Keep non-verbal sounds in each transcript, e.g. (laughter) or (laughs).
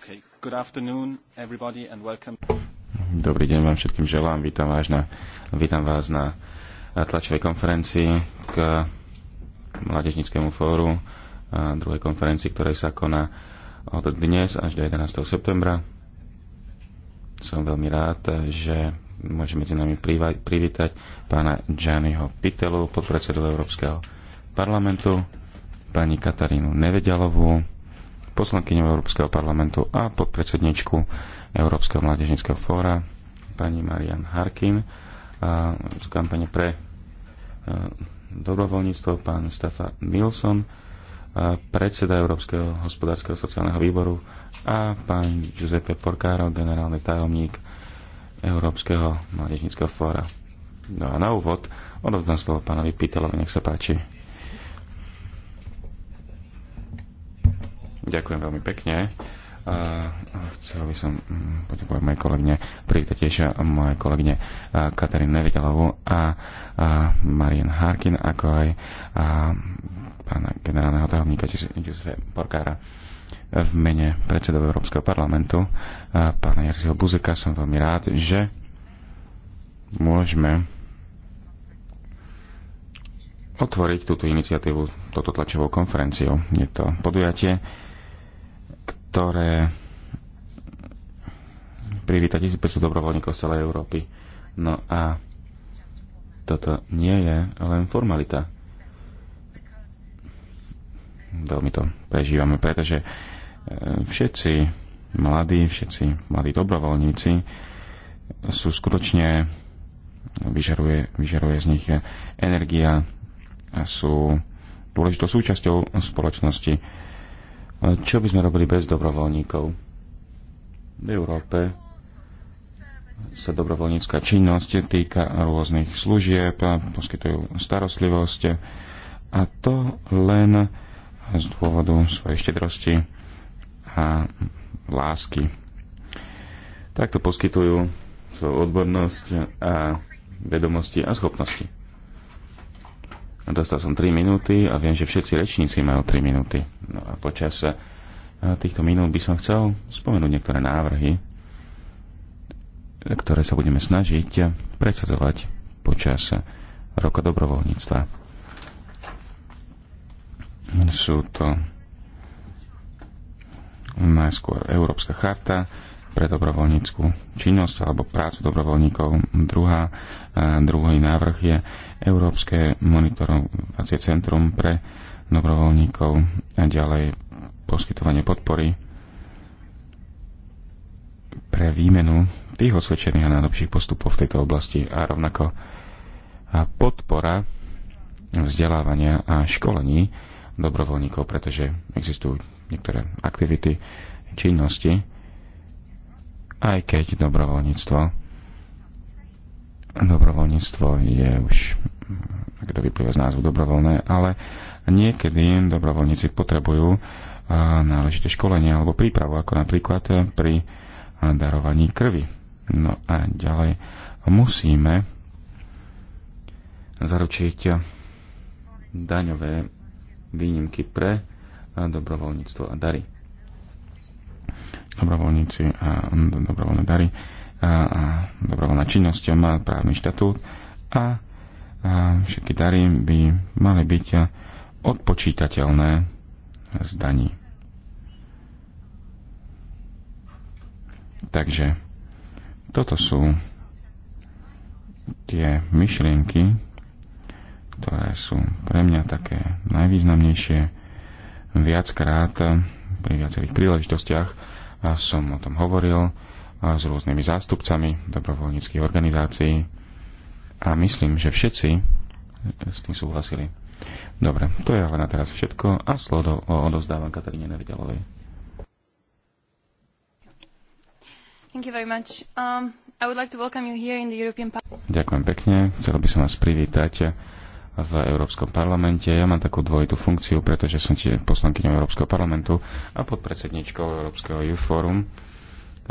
Okay. Good afternoon, everybody, and welcome. Dobrý deň vám všetkým želám. Vítam vás na, vítam vás na eh, tlačovej konferencii k Mládežnickému fóru a eh, druhej konferencii, ktorej sa koná od dnes až do 11. septembra. Som veľmi rád, že môže medzi nami privítať pána Gianniho Pitelu, podpredsedu Európskeho parlamentu, pani Katarínu Nevedialovú, poslankyňou Európskeho parlamentu a podpredsedničku Európskeho mládežnického fóra pani Marian Harkin z kampane pre e, dobrovoľníctvo pán Stafa Nilsson e, predseda Európskeho hospodárskeho sociálneho výboru a pán Giuseppe Porcaro, generálny tajomník Európskeho mládežnického fóra. No a na úvod odovzdám slovo pánovi Pitelovi, nech sa páči. Ďakujem veľmi pekne. Chcel by som mm, poďakovať mojej kolegyne, privítať moje kolegyne Katarín Nevidelovu a Marien Harkin, ako aj pána generálneho tajomníka Giuseppe Porkára v mene predsedov Európskeho parlamentu, pána Jarzyho Buzeka. Som veľmi rád, že môžeme otvoriť túto iniciatívu, toto tlačovou konferenciou. Je to podujatie, ktoré privíta 1500 dobrovoľníkov z celej Európy. No a toto nie je len formalita. Veľmi to prežívame, pretože e, všetci mladí, všetci mladí dobrovoľníci sú skutočne, vyžaruje, vyžaruje z nich energia a sú dôležitou súčasťou spoločnosti čo by sme robili bez dobrovoľníkov? V Európe sa dobrovoľnícká činnosť týka rôznych služieb, poskytujú starostlivosť a to len z dôvodu svojej štedrosti a lásky. Takto poskytujú svoju odbornosť a vedomosti a schopnosti. No, dostal som 3 minúty a viem, že všetci rečníci majú 3 minúty. No a počas eh, týchto minút by som chcel spomenúť niektoré návrhy, ktoré sa budeme snažiť eh, predsadzovať počas eh, roka dobrovoľníctva. Sú to najskôr Európska charta pre dobrovoľníckú činnosť alebo prácu dobrovoľníkov. Druhá, druhý návrh je Európske monitorovacie centrum pre dobrovoľníkov a ďalej poskytovanie podpory pre výmenu tých osvedčených a najlepších postupov v tejto oblasti a rovnako podpora vzdelávania a školení dobrovoľníkov, pretože existujú niektoré aktivity, činnosti, aj keď dobrovoľníctvo Dobrovoľníctvo je už, to vyplýva z názvu, dobrovoľné, ale niekedy dobrovoľníci potrebujú náležité školenie alebo prípravu, ako napríklad pri darovaní krvi. No a ďalej musíme zaručiť daňové výnimky pre dobrovoľníctvo a dary. Dobrovoľníci a dobrovoľné dary a dobrovoľná činnosť má právny štatút a, a všetky dary by mali byť odpočítateľné z daní. Takže toto sú tie myšlienky, ktoré sú pre mňa také najvýznamnejšie. Viackrát pri viacerých príležitostiach som o tom hovoril s rôznymi zástupcami dobrovoľníckých organizácií a myslím, že všetci s tým súhlasili. Dobre, to je ale na teraz všetko a slovo odozdávam Kataríne Nevidelovej. Thank you very much. Um, I would like to welcome you here in the European Parliament. Ďakujem pekne. Chcel by som vás privítať v Európskom parlamente. Ja mám takú dvojitú funkciu, pretože som tiež poslankyňou Európskeho parlamentu a podpredsedničkou Európskeho Youth Forum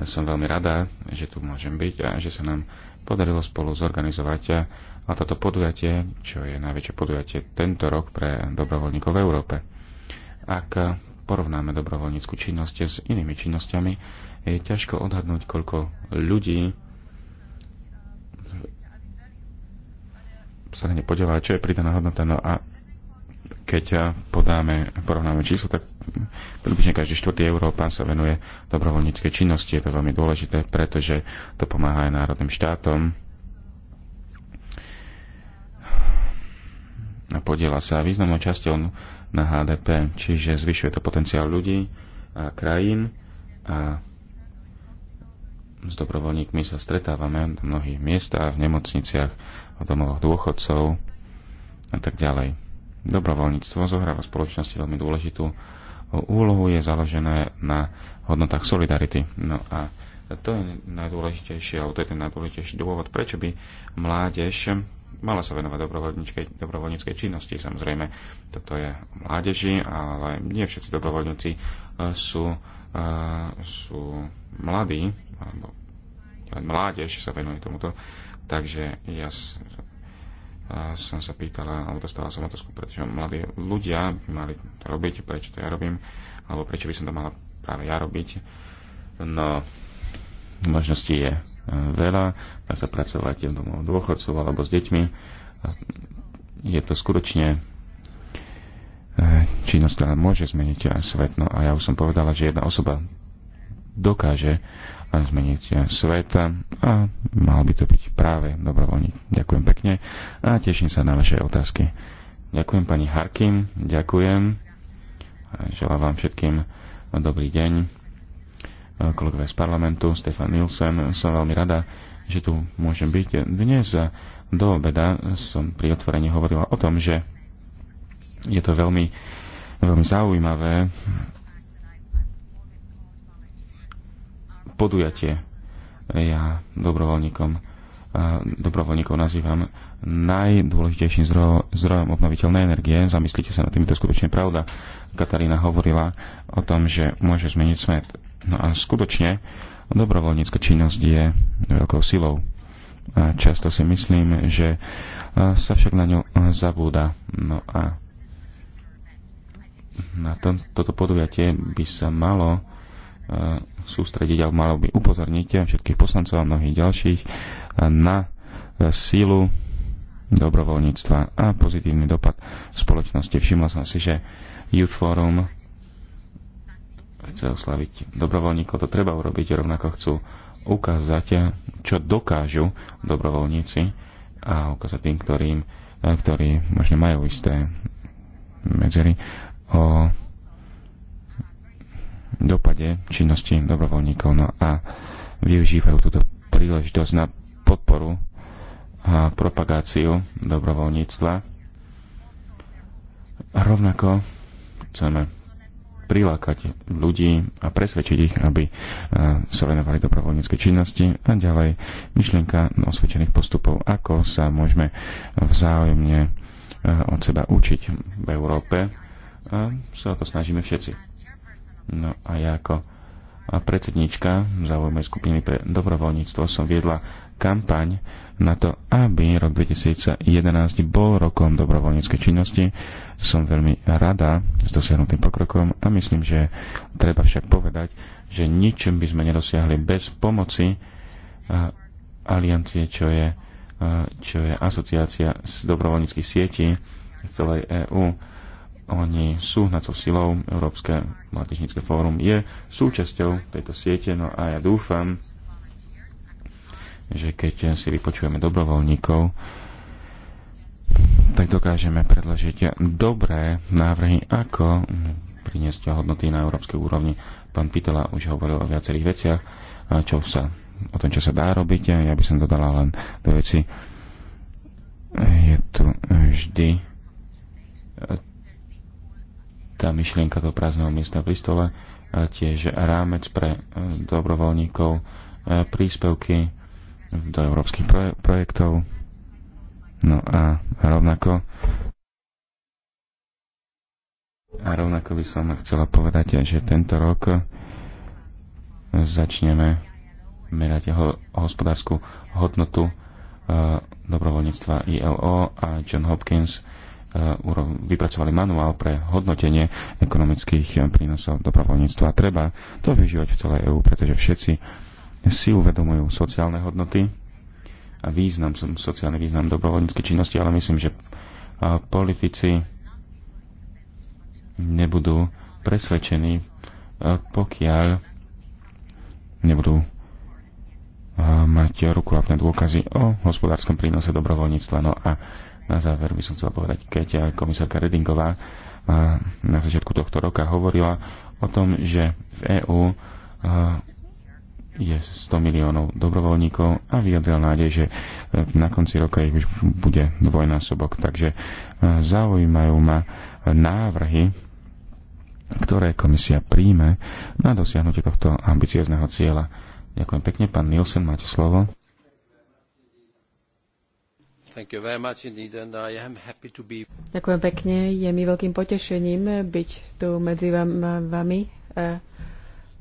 som veľmi rada, že tu môžem byť a že sa nám podarilo spolu zorganizovať eh, a toto podujatie, čo je najväčšie podujatie tento rok pre dobrovoľníkov v Európe. Ak eh, porovnáme dobrovoľníckú činnosť s inými činnosťami, je ťažko odhadnúť, koľko ľudí sa na ne podielá, čo je pridaná hodnota. No a keď eh, podáme, porovnáme číslo, tak približne každý štvrtý Európán sa venuje dobrovoľníckej činnosti. Je to veľmi dôležité, pretože to pomáha aj národným štátom a podiela sa významnou časťou na HDP, čiže zvyšuje to potenciál ľudí a krajín a s dobrovoľníkmi sa stretávame na mnohých miestach, v nemocniciach, v domovoch dôchodcov a tak ďalej Dobrovoľníctvo zohráva v spoločnosti veľmi dôležitú úlohu, je založené na hodnotách solidarity. No a to je najdôležitejší, alebo to je ten najdôležitejší dôvod, prečo by mládež mala sa venovať dobrovoľníckej, dobrovoľníckej činnosti. Samozrejme, toto je mládeži, ale nie všetci dobrovoľníci e, sú, e, sú mladí, alebo mládež sa venuje tomuto. Takže ja som sa pýtala, alebo dostala som otázku, pretože mladí ľudia by mali to robiť, prečo to ja robím, alebo prečo by som to mala práve ja robiť. No, možností je e, veľa, dá sa pracovať v domov dôchodcov alebo s deťmi. Je to skutočne e, činnosť, ktorá môže zmeniť svet. No a ja už som povedala, že jedna osoba dokáže e, zmeniť svet a mal by to byť práve dobrovoľník. Ďakujem a teším sa na vaše otázky. Ďakujem pani Harkin, ďakujem. Želám vám všetkým dobrý deň. Kolegové z parlamentu, Stefan Nielsen, som veľmi rada, že tu môžem byť. Dnes do obeda som pri otvorení hovorila o tom, že je to veľmi, veľmi zaujímavé podujatie. Ja dobrovoľníkom, dobrovoľníkov nazývam najdôležitejším zdrojom, zdrojom obnoviteľnej energie. Zamyslite sa na tým, to skutočne pravda. Katarína hovorila o tom, že môže zmeniť svet. No a skutočne dobrovoľnícka činnosť je veľkou silou. A často si myslím, že sa však na ňu zabúda. No a na to, toto podujatie by sa malo sústrediť, alebo malo by upozorniť všetkých poslancov a mnohých ďalších na e, sílu dobrovoľníctva a pozitívny dopad v spoločnosti. Všimla som si, že Youth Forum chce oslaviť dobrovoľníkov. To treba urobiť, rovnako chcú ukázať, čo dokážu dobrovoľníci a ukázať tým, ktorým, ktorí možno majú isté medzery o dopade činnosti dobrovoľníkov. No a využívajú túto príležitosť na podporu propagáciu dobrovoľníctva. A rovnako chceme prilákať ľudí a presvedčiť ich, aby e, sa venovali dobrovoľníckej činnosti a ďalej myšlienka osvedčených postupov, ako sa môžeme vzájomne e, od seba učiť v Európe a sa o to snažíme všetci. No a ja ako predsednička zaujímavej skupiny pre dobrovoľníctvo som viedla kampaň na to, aby rok 2011 bol rokom dobrovoľníckej činnosti. Som veľmi rada s dosiahnutým pokrokom a myslím, že treba však povedať, že ničím by sme nedosiahli bez pomoci aliancie, čo je, čo je asociácia z dobrovoľníckých sietí z celej EÚ. Oni sú hnacou silou, Európske mládežnícke fórum je súčasťou tejto siete, no a ja dúfam, že keď si vypočujeme dobrovoľníkov, tak dokážeme predložiť dobré návrhy, ako priniesť hodnoty na európskej úrovni. Pán Pitela už hovoril o viacerých veciach, čo sa, o tom, čo sa dá robiť. Ja by som dodala len do veci. Je tu vždy e, tá myšlienka do prázdneho miesta v listole, tiež rámec pre e, dobrovoľníkov, e, príspevky do európskych projektov. No a rovnako a rovnako by som chcela povedať, že tento rok začneme merať jeho hospodárskú hodnotu e, dobrovoľníctva ILO a John Hopkins e, vypracovali manuál pre hodnotenie ekonomických prínosov dobrovoľníctva. Treba to využívať v celej EÚ, pretože všetci si uvedomujú sociálne hodnoty a význam, sociálny význam dobrovoľníckej činnosti, ale myslím, že politici nebudú presvedčení, pokiaľ nebudú mať rukolapné dôkazy o hospodárskom prínose dobrovoľníctva. No a na záver by som chcel povedať, keď komisárka Redingová na začiatku tohto roka hovorila o tom, že v EÚ je 100 miliónov dobrovoľníkov a vyjadril nádej, že e, na konci roka ich už bude dvojnásobok. Takže e, zaujímajú ma návrhy, ktoré komisia príjme na dosiahnutie tohto ambiciozného cieľa. Ďakujem pekne. Pán Nielsen, máte slovo. Ďakujem pekne. Je mi veľkým potešením byť tu medzi vami. E,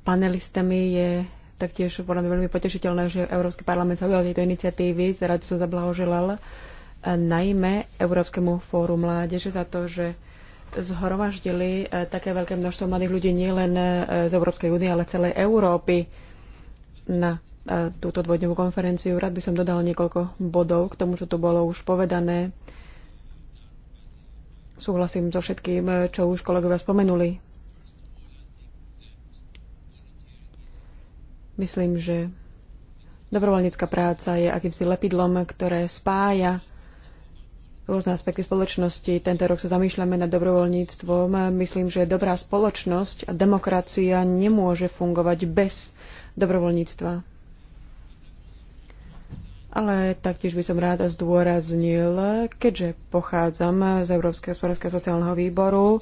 panelistami je taktiež podľa mňa veľmi potešiteľné, že Európsky parlament sa ujal tejto iniciatívy. Rád by som zablahoželal e, najmä Európskemu fóru mládeže za to, že zhromaždili e, také veľké množstvo mladých ľudí nielen e, z Európskej únie, ale celej Európy na túto dvojdňovú konferenciu. Rád by som dodal niekoľko bodov k tomu, čo tu bolo už povedané. Súhlasím so všetkým, čo už kolegovia spomenuli. Myslím, že dobrovoľnícka práca je akýmsi lepidlom, ktoré spája rôzne aspekty spoločnosti. Tento rok sa zamýšľame nad dobrovoľníctvom. Myslím, že dobrá spoločnosť a demokracia nemôže fungovať bez dobrovoľníctva. Ale taktiež by som ráda zdôraznil, keďže pochádzam z Európskeho hospodárskeho sociálneho výboru,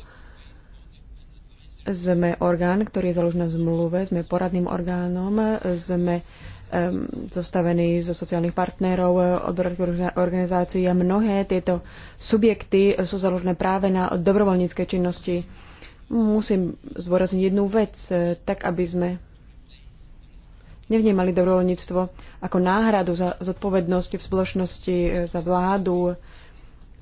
sme orgán, ktorý je založený na zmluve, sme poradným orgánom, sme um, zostavení zo sociálnych partnerov, odborových organizácií a mnohé tieto subjekty sú založené práve na dobrovoľníckej činnosti. Musím zdôrazniť jednu vec, tak aby sme nevnímali dobrovoľníctvo ako náhradu za zodpovednosti v spoločnosti, za vládu,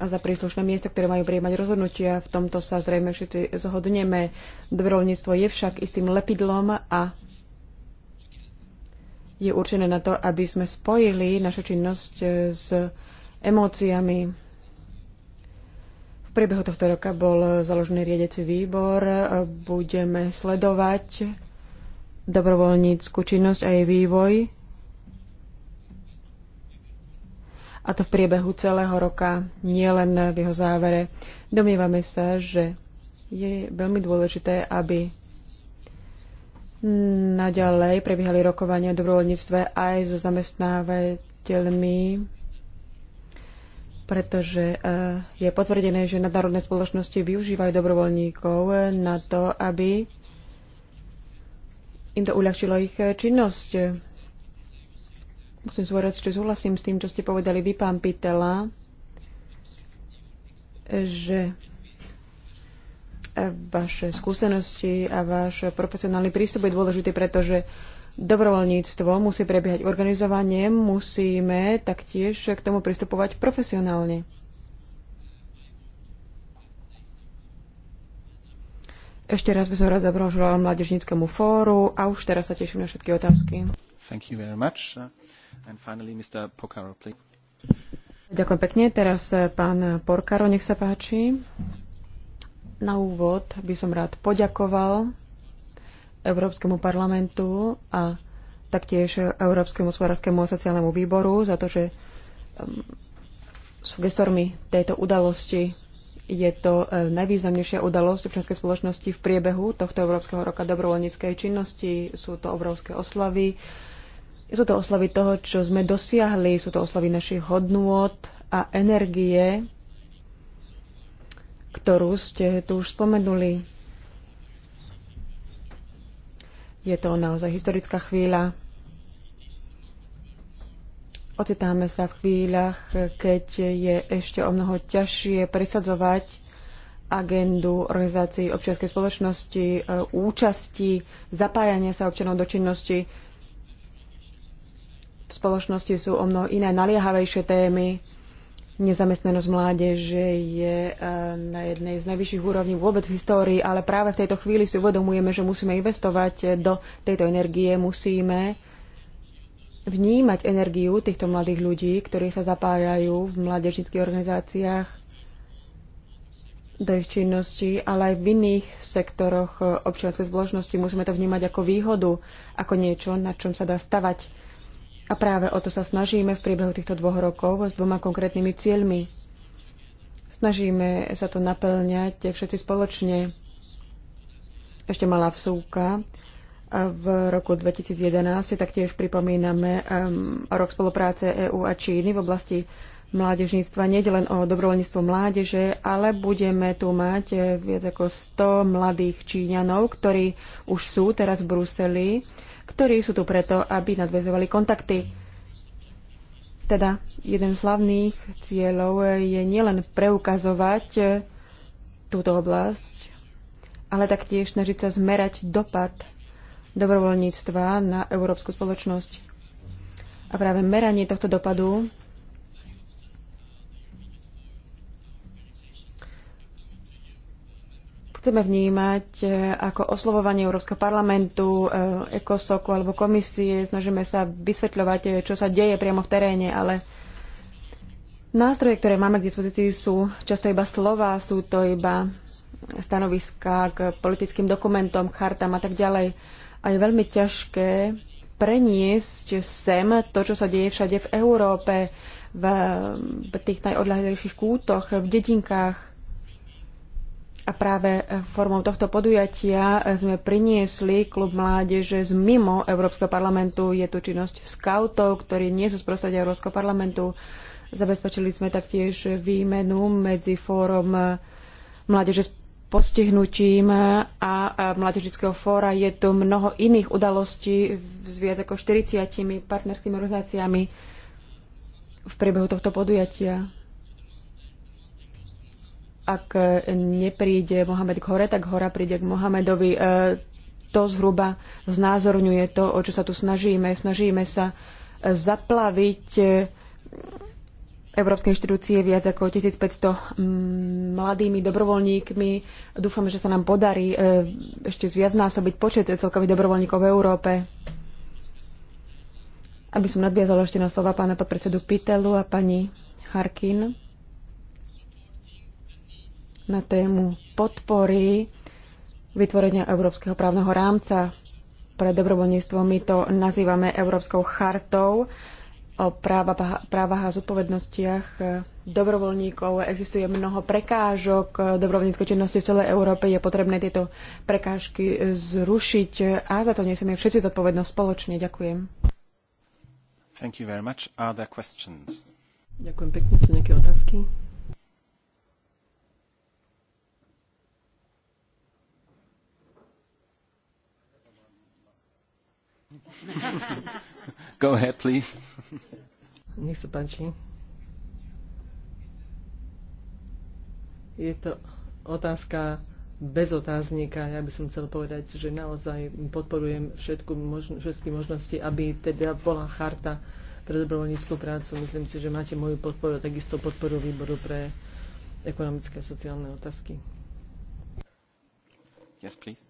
a za príslušné miesta, ktoré majú prijímať rozhodnutia. V tomto sa zrejme všetci zhodneme. Dobrovoľníctvo je však istým lepidlom a je určené na to, aby sme spojili našu činnosť s emóciami. V priebehu tohto roka bol založený riedeci výbor. Budeme sledovať dobrovoľníckú činnosť a jej vývoj a to v priebehu celého roka, nielen v jeho závere. Domnievame sa, že je veľmi dôležité, aby naďalej prebiehali rokovania o dobrovoľníctve aj so zamestnávateľmi, pretože eh, je potvrdené, že nadnárodné spoločnosti využívajú dobrovoľníkov na to, aby im to uľahčilo ich činnosť musím zvorať, že súhlasím s tým, čo ste povedali vy, pán Pitela, že vaše skúsenosti a váš profesionálny prístup je dôležitý, pretože dobrovoľníctvo musí prebiehať organizovanie, musíme taktiež k tomu pristupovať profesionálne. Ešte raz by som rád zabrožoval Mládežníckému fóru a už teraz sa teším na všetky otázky. Thank you very much. And finally, Mr. please. Ďakujem pekne. Teraz eh, pán Porkaro, nech sa páči. Na úvod by som rád poďakoval Európskemu parlamentu a taktiež Európskemu hospodárskému a sociálnemu výboru za to, že sú gestormi tejto udalosti. Je to eh, najvýznamnejšia udalosť občianskej spoločnosti v priebehu tohto Európskeho roka dobrovoľníckej činnosti. Sú to obrovské oslavy sú to oslavy toho, čo sme dosiahli, sú to oslavy našich hodnôt a energie, ktorú ste tu už spomenuli. Je to naozaj historická chvíľa. Ocitáme sa v chvíľach, keď je ešte o mnoho ťažšie presadzovať agendu organizácií občianskej spoločnosti, e, účasti, zapájania sa občanov do činnosti v spoločnosti sú o mnoho iné naliehavejšie témy. Nezamestnanosť mládeže je eh, na jednej z najvyšších úrovní vôbec v histórii, ale práve v tejto chvíli si uvedomujeme, že musíme investovať eh, do tejto energie, musíme vnímať energiu týchto mladých ľudí, ktorí sa zapájajú v mládežnických organizáciách do ich činnosti, ale aj v iných sektoroch eh, občianskej spoločnosti. Musíme to vnímať ako výhodu, ako niečo, na čom sa dá stavať a práve o to sa snažíme v priebehu týchto dvoch rokov s dvoma konkrétnymi cieľmi. Snažíme sa to naplňať všetci spoločne. Ešte malá vsúka. V roku 2011 si taktiež pripomíname um, rok spolupráce EÚ a Číny v oblasti mládežníctva. Nie len o dobrovoľníctvo mládeže, ale budeme tu mať eh, viac ako 100 mladých Číňanov, ktorí už sú teraz v Bruseli ktorí sú tu preto, aby nadvezovali kontakty. Teda jeden z hlavných cieľov je nielen preukazovať e, túto oblasť, ale taktiež snažiť sa zmerať dopad dobrovoľníctva na európsku spoločnosť. A práve meranie tohto dopadu chceme vnímať e, ako oslovovanie Európskeho parlamentu, e, ECOSOKu alebo komisie. Snažíme sa vysvetľovať, e, čo sa deje priamo v teréne, ale nástroje, ktoré máme k dispozícii, sú často iba slova, sú to iba stanoviská k politickým dokumentom, chartám a tak ďalej. A je veľmi ťažké preniesť sem to, čo sa deje všade v Európe, v, v tých najodľahlejších kútoch, v dedinkách a práve eh, formou tohto podujatia eh, sme priniesli klub mládeže z mimo Európskeho parlamentu. Je tu činnosť skautov, ktorí nie sú z prostredia Európskeho parlamentu. Zabezpečili sme taktiež výmenu medzi fórom eh, mládeže s postihnutím a Mládežického fóra. Je tu mnoho iných udalostí s viac ako 40 partnerskými organizáciami v priebehu tohto podujatia ak e, nepríde Mohamed k hore, tak hora príde k Mohamedovi. E, to zhruba znázorňuje to, o čo sa tu snažíme. Snažíme sa e, zaplaviť Európske inštitúcie viac ako 1500 mladými dobrovoľníkmi. Dúfame, že sa nám podarí ešte zviacnásobiť počet celkových dobrovoľníkov v Európe. Aby som nadviazala ešte na slova pána podpredsedu Pitelu a pani Harkin na tému podpory vytvorenia európskeho právneho rámca pre dobrovoľníctvo. My to nazývame Európskou chartou o práva, právach a zodpovednostiach dobrovoľníkov. Existuje mnoho prekážok dobrovoľníckej činnosti v celej Európe. Je potrebné tieto prekážky zrušiť a za to nesieme všetci zodpovednosť spoločne. Ďakujem. Thank you very much. Are there questions? Ďakujem pekne. Sú nejaké otázky? (laughs) Go ahead, please. Nech sa páči. Je to otázka bez otáznika. Ja by som chcel povedať, že naozaj podporujem všetku možno, všetky možnosti, aby teda bola charta pre dobrovoľníckú prácu. Myslím si, že máte moju podporu, takisto podporu výboru pre ekonomické a sociálne otázky. Yes, please.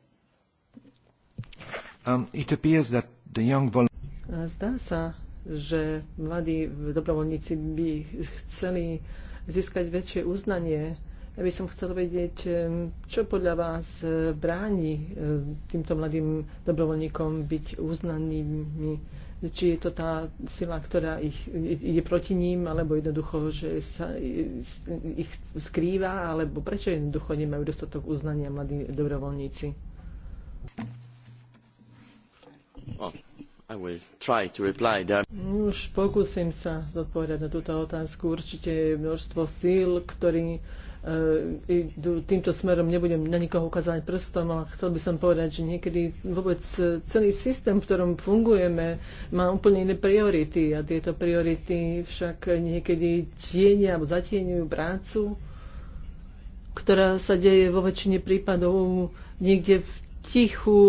Um, it appears that Zdá sa, že mladí dobrovoľníci by chceli získať väčšie uznanie. Ja by som chcel vedieť, čo podľa vás bráni týmto mladým dobrovoľníkom byť uznanými či je to tá sila, ktorá ich ide proti ním, alebo jednoducho, že sa ich skrýva, alebo prečo jednoducho nemajú dostatok uznania mladí dobrovoľníci? Oh, I will try to reply there. Už pokúsim sa zodpovedať na túto otázku. Určite je množstvo síl, ktorí eh, idú týmto smerom, nebudem na nikoho ukázať prstom, ale chcel by som povedať, že niekedy vôbec celý systém, v ktorom fungujeme, má úplne iné priority a tieto priority však niekedy tienia alebo zatieňujú prácu, ktorá sa deje vo väčšine prípadov niekde v tichu,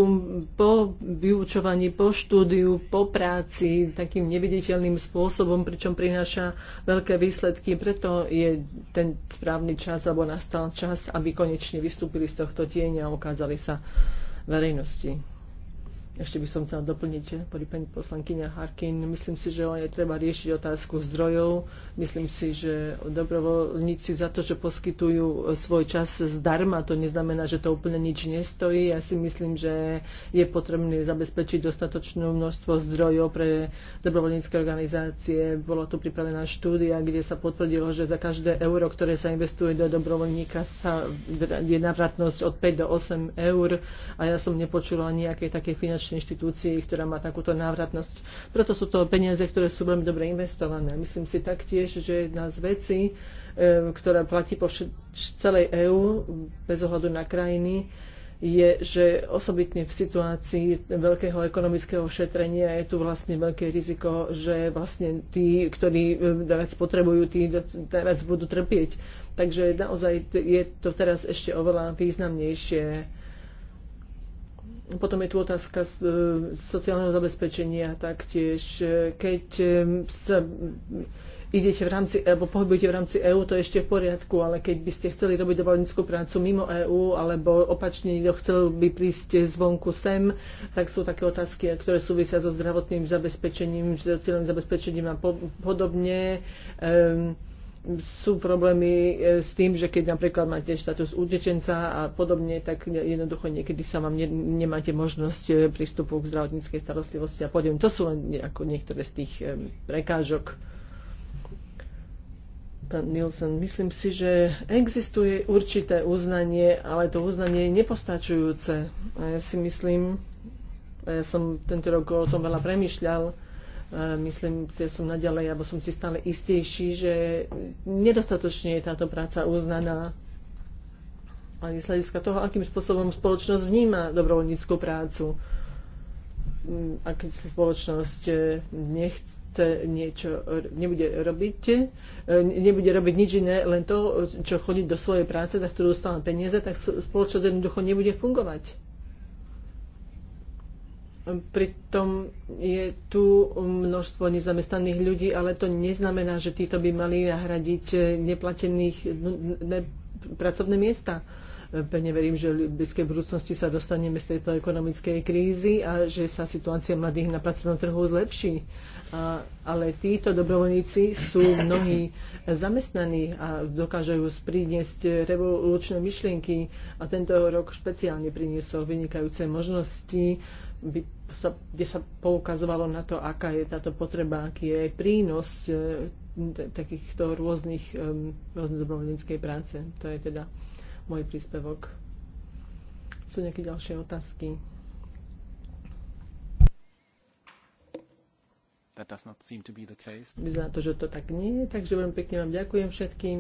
po vyučovaní, po štúdiu, po práci, takým neviditeľným spôsobom, pričom prináša veľké výsledky. Preto je ten správny čas, alebo nastal čas, aby konečne vystúpili z tohto tieňa a ukázali sa verejnosti. Ešte by som chcela doplniť, boli pani poslankyňa Harkin, myslím si, že je treba riešiť otázku zdrojov. Myslím si, že dobrovoľníci za to, že poskytujú svoj čas zdarma, to neznamená, že to úplne nič nestojí. Ja si myslím, že je potrebné zabezpečiť dostatočnú množstvo zdrojov pre dobrovoľnícke organizácie. Bolo tu pripravená štúdia, kde sa potvrdilo, že za každé euro, ktoré sa investuje do dobrovoľníka, sa je navratnosť od 5 do 8 eur a ja som nepočula nejaké také finančnej finančnej inštitúcii, ktorá má takúto návratnosť. Preto sú to peniaze, ktoré sú veľmi dobre investované. Myslím si taktiež, že jedna z vecí, e, ktorá platí po celej EÚ, bez ohľadu na krajiny, je, že osobitne v situácii veľkého ekonomického šetrenia je tu vlastne veľké riziko, že vlastne tí, ktorí najviac e, potrebujú, tí najviac budú trpieť. Takže naozaj je to teraz ešte oveľa významnejšie potom je tu otázka e, sociálneho zabezpečenia taktiež. E, keď e, sa idete v rámci, alebo pohybujete v rámci EÚ, to je ešte v poriadku, ale keď by ste chceli robiť dobrovoľníckú prácu mimo EÚ, alebo opačne niekto chcel by prísť zvonku sem, tak sú také otázky, ktoré súvisia so zdravotným zabezpečením, sociálnym zabezpečením a podobne. Ehm, sú problémy e, s tým, že keď napríklad máte štatus utečenca a podobne, tak jednoducho niekedy sa vám ne, nemáte možnosť e, prístupu k zdravotníckej starostlivosti a podobne. To sú len ako niektoré z tých e, prekážok. Pán Nielsen, myslím si, že existuje určité uznanie, ale to uznanie je nepostačujúce. A ja si myslím, a ja som tento rok o tom veľa premyšľal, myslím, že som naďalej, alebo som si stále istejší, že nedostatočne je táto práca uznaná aj z hľadiska toho, akým spôsobom spoločnosť vníma dobrovoľníckú prácu. A keď spoločnosť e, nechce niečo, nebude robiť, e, nebude robiť nič iné, len to, čo chodí do svojej práce, za ktorú dostávam peniaze, tak spoločnosť jednoducho nebude fungovať. Pritom je tu množstvo nezamestnaných ľudí, ale to neznamená, že títo by mali nahradiť eh, neplatených ne, pracovné miesta. Eh, pevne verím, že v blízkej budúcnosti sa dostaneme z tejto ekonomickej krízy a že sa situácia mladých na pracovnom trhu zlepší. A, ale títo dobrovoľníci sú mnohí zamestnaní a dokážu priniesť revolučné myšlienky a tento rok špeciálne priniesol vynikajúce možnosti by sa, kde sa poukazovalo na to, aká je táto potreba, aký je prínos e, takýchto rôznych, rôznej dobrovoľníckej práce. To je teda môj príspevok. Sú nejaké ďalšie otázky? That does not seem to be the case. Vyzerá to, že to tak nie je, takže veľmi pekne vám ďakujem všetkým,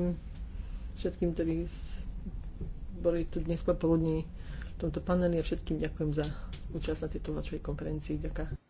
všetkým, ktorí boli tu dnes popoludní tomto paneli a všetkým ďakujem za účasť na tejto vašej konferencii. Ďakujem.